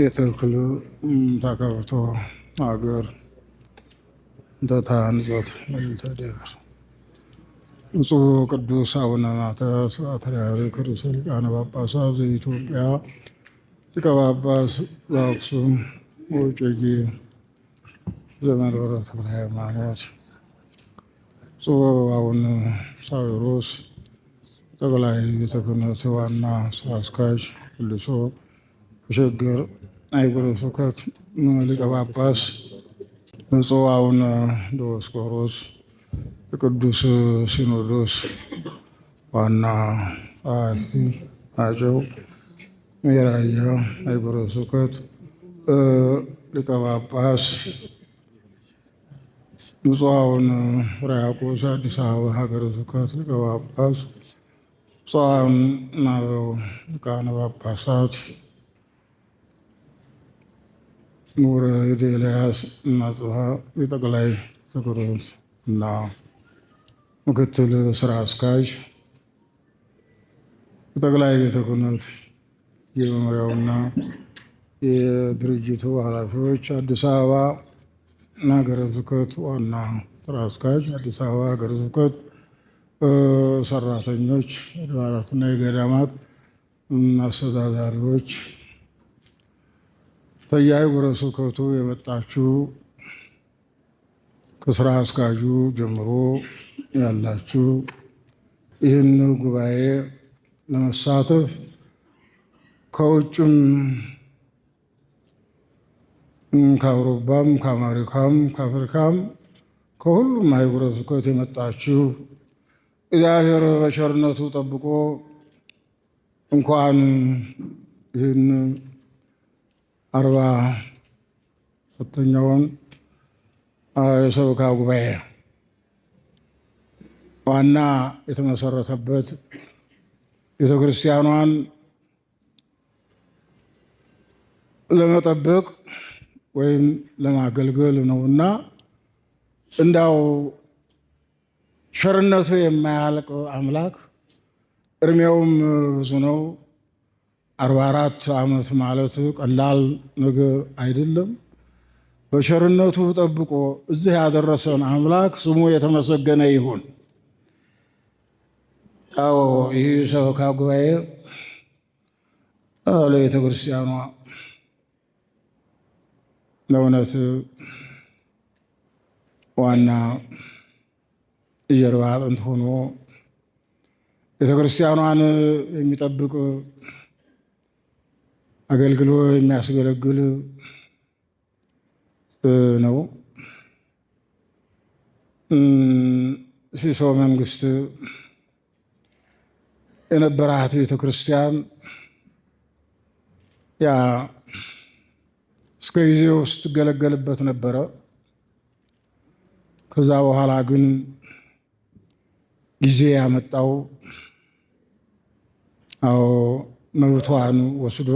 የተክሉ ተከብቶ ሀገር እንተታንጾት ለሚተደር ብፁዕ ቅዱስ አቡነ ማትያስ ፓትርያርክ ርእሰ ሊቃነ ጳጳሳት ዘኢትዮጵያ ሊቀ ጳጳስ ዘአክሱም ወዕጨጌ ዘመንበረ ተክለ ሃይማኖት፣ ብፁዕ አቡነ ሳዊሮስ ጠቅላይ ቤተ ክህነት ዋና ስራ አስኪያጅ መልሶ ችግር አህጉረ ስብከት ሊቀ ጳጳስ ብፁዕ አቡነ ዲዮስቆሮስ የቅዱስ ሲኖዶስ ዋና ጸሐፊ አጨው የራያ አህጉረ ስብከት ሊቀ ጳጳስ ብፁዕ አቡነ ሕርያቆስ አዲስ አበባ ሀገረ ስብከት ሊቀ ጳጳስ ብፁዓን ሊቃነ ጳጳሳት ምሁር እህቴ ኤልያስ እና ጽሀ የጠቅላይ ተክሮት እና ምክትል ስራ አስኪያጅ የጠቅላይ ቤተ ክህነት የመምሪያውና የድርጅቱ ኃላፊዎች፣ አዲስ አበባ ሀገረ ስብከት ዋና ስራ አስኪያጅ፣ አዲስ አበባ ሀገረ ስብከት ሰራተኞች፣ አድባራትና የገዳማት አስተዳዳሪዎች ወረሱ ከቱ የመጣችሁ ከስራ አስጋጁ ጀምሮ ያላችሁ ይህን ጉባኤ ለመሳተፍ ከውጭም ከአውሮፓም ከአሜሪካም ከአፍሪካም ከሁሉም አህጉረ ስብከት የመጣችሁ እግዚአብሔር በቸርነቱ ጠብቆ እንኳን ይህን አርባ ሁለተኛውን የሰበካ ጉባኤ ዋና የተመሰረተበት ቤተ ክርስቲያኗን ለመጠበቅ ወይም ለማገልገል ነውና እንዳው ቸርነቱ የማያልቅ አምላክ እድሜውም ብዙ ነው። አርባ አራት ዓመት ማለቱ ቀላል ነገር አይደለም። በሸርነቱ ጠብቆ እዚህ ያደረሰን አምላክ ስሙ የተመሰገነ ይሁን። ያው ይህ ሰበካ ጉባኤ ለቤተ ክርስቲያኗ ለእውነት ዋና የጀርባ አጥንት ሆኖ ቤተ ክርስቲያኗን የሚጠብቅ አገልግሎ የሚያስገለግል ነው። ሲሶ መንግስት የነበራት ቤተ ክርስቲያን ያ እስከ ውስጥ ስትገለገልበት ነበረ። ከዛ በኋላ ግን ጊዜ ያመጣው አዎ መብቷን ወስዶ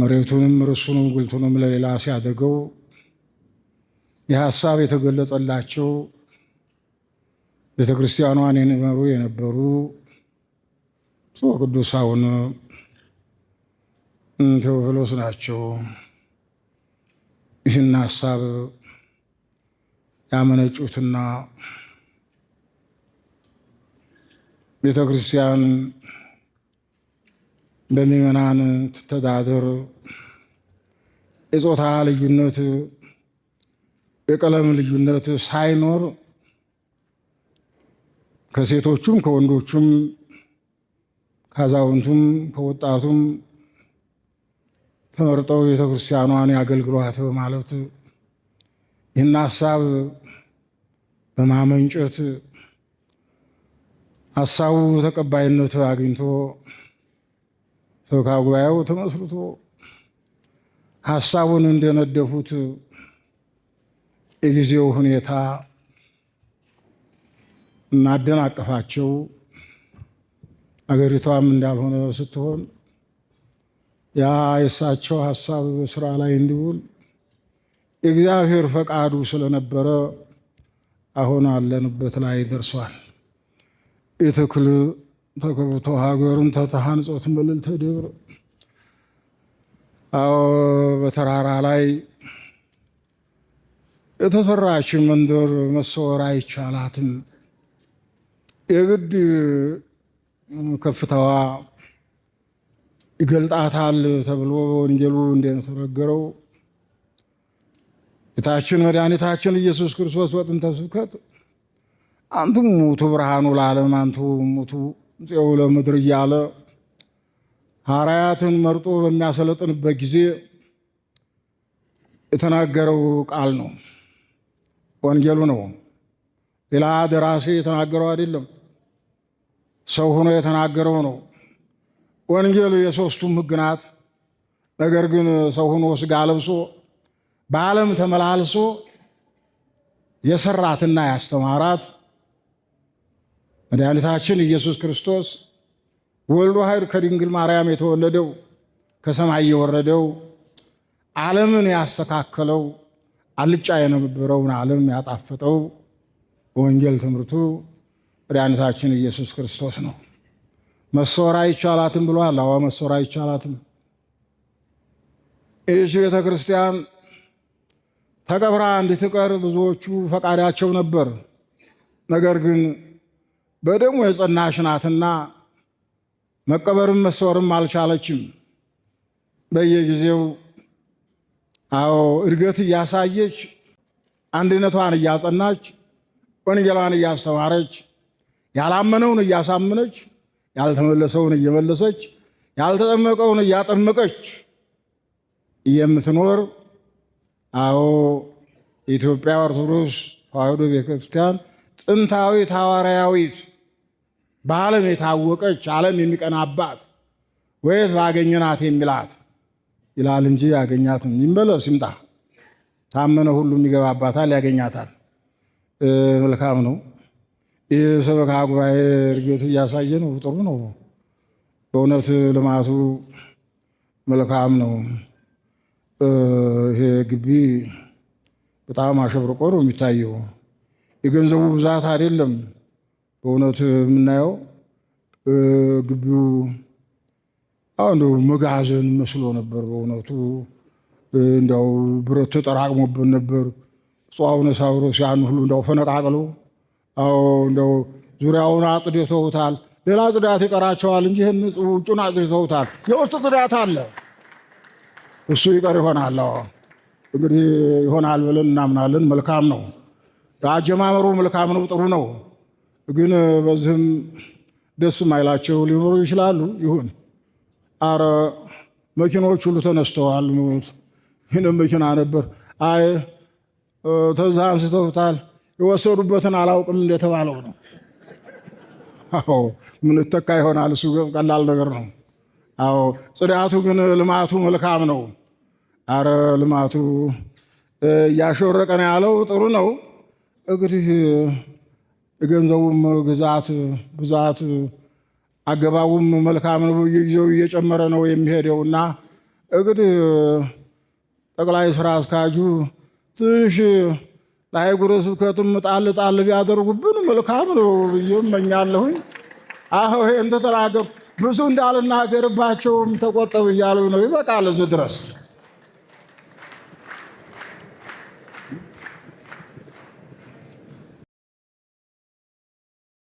መሬቱንም ርሱንም ጉልቱንም ለሌላ ሲያደገው ይህ ሀሳብ የተገለጸላቸው ቤተ ክርስቲያኗን የሚመሩ የነበሩ ብፁዕ ወቅዱስ አቡነ ቴዎፍሎስ ናቸው። ይህን ሀሳብ ያመነጩትና ቤተ ክርስቲያን በምዕመናን ትተዳደር፣ የጾታ ልዩነት፣ የቀለም ልዩነት ሳይኖር ከሴቶቹም ከወንዶቹም ከአዛውንቱም ከወጣቱም ተመርጠው ቤተ ክርስቲያኗን ያገልግሏት በማለት ይህን ሀሳብ በማመንጨት ሀሳቡ ተቀባይነት አግኝቶ ሰብካ ጉባኤው ተመስርቶ ሀሳቡን እንደነደፉት የጊዜው ሁኔታ እናደናቀፋቸው አገሪቷም እንዳልሆነ ስትሆን ያ የእሳቸው ሀሳብ በስራ ላይ እንዲውል የእግዚአብሔር ፈቃዱ ስለነበረ አሁን አለንበት ላይ ደርሷል። የተክል ተከብቶ ሀገሩን ተተሃንጾ ትምልል ምልል ተደብር አዎ በተራራ ላይ የተሰራች መንደር መሰወር አይቻላትም። የግድ ከፍታዋ ይገልጣታል ተብሎ በወንጌሉ እንደተነገረው ጌታችን መድኃኒታችን ኢየሱስ ክርስቶስ በጥንተ ስብከት አንቱ ሙቱ ብርሃኑ ለዓለም አንቱ ሙቱ ጽዮው ለምድር እያለ ሐዋርያትን መርጦ በሚያሰለጥንበት ጊዜ የተናገረው ቃል ነው፣ ወንጌሉ ነው። ሌላ ደራሴ የተናገረው አይደለም፣ ሰው ሆኖ የተናገረው ነው። ወንጌል የሦስቱም ሕግ ናት። ነገር ግን ሰው ሆኖ ሥጋ ለብሶ በዓለም ተመላልሶ የሰራትና ያስተማራት መድኃኒታችን ኢየሱስ ክርስቶስ ወልዶ ኃይል ከድንግል ማርያም የተወለደው ከሰማይ የወረደው ዓለምን ያስተካከለው አልጫ የነበረውን ዓለም ያጣፈጠው በወንጌል ትምህርቱ መድኃኒታችን ኢየሱስ ክርስቶስ ነው። መሰወር አይቻላትም ብሏል። አዋ መሰወር አይቻላትም። ይህች ቤተ ክርስቲያን ተቀብራ እንድትቀር ብዙዎቹ ፈቃዳቸው ነበር። ነገር ግን በደሙ የጸናሽ ናትና መቀበርም መሰወርም አልቻለችም። በየጊዜው አዎ እድገት እያሳየች አንድነቷን እያጸናች ወንጌሏን እያስተማረች ያላመነውን እያሳመነች ያልተመለሰውን እየመለሰች ያልተጠመቀውን እያጠመቀች የምትኖር አዎ የኢትዮጵያ ኦርቶዶክስ ተዋሕዶ ቤተክርስቲያን ጥንታዊት ሐዋርያዊት በዓለም የታወቀች ዓለም የሚቀናባት ወይት ባገኘናት የሚላት ይላል እንጂ ያገኛትም ይመለው ሲምጣ ታመነ ሁሉም ይገባባታል፣ ያገኛታል። መልካም ነው። ይህ ሰበካ ጉባኤ እድገቱ እያሳየ ነው። ጥሩ ነው። በእውነት ልማቱ መልካም ነው። ይሄ ግቢ በጣም አሸብርቆ ነው የሚታየው። የገንዘቡ ብዛት አይደለም በእውነቱ የምናየው ግቢው አንዱ መጋዘን መስሎ ነበር። በእውነቱ እንዲያው ብረት ተጠራቅሞብን ነበር። ጸዋውነ ሳብሮ ሲያን ሁሉ እንዲያው ፈነቃቅሎ አዎ እንዲያው ዙሪያውን አጽድተውታል። ሌላ ጽዳት ይቀራቸዋል እንጂ ይህን ንጹህ ውጩን አጽድተውታል። የውስጥ ጽዳት አለ፣ እሱ ይቀር ይሆናል። እንግዲህ ይሆናል ብለን እናምናለን። መልካም ነው። አጀማመሩ መልካም ነው፣ ጥሩ ነው። ግን በዚህም ደስ ማይላቸው ሊኖሩ ይችላሉ። ይሁን አረ መኪናዎች ሁሉ ተነስተዋል። ይህንም መኪና ነበር አይ ተዛ አንስተውታል። የወሰዱበትን አላውቅም እንደተባለው ነው። አዎ ምን ተካ ይሆናል። እሱ ቀላል ነገር ነው። አዎ ጽዳቱ ግን ልማቱ መልካም ነው። አረ ልማቱ እያሸወረቀ ነው ያለው ጥሩ ነው እንግዲህ የገንዘቡም ግዛት ብዛት አገባቡም መልካም ነው። ጊዜው እየጨመረ ነው የሚሄደው እና እግድ ጠቅላይ ስራ አስኪያጁ ትንሽ ለአህጉረ ስብከቱም ጣል ጣል ቢያደርጉብን መልካም ነው ብዬ እመኛለሁኝ። አሁ ይህን ተተናገሩ ብዙ እንዳልናገርባቸውም ተቆጠብ እያሉ ነው። ይበቃል እዚህ ድረስ።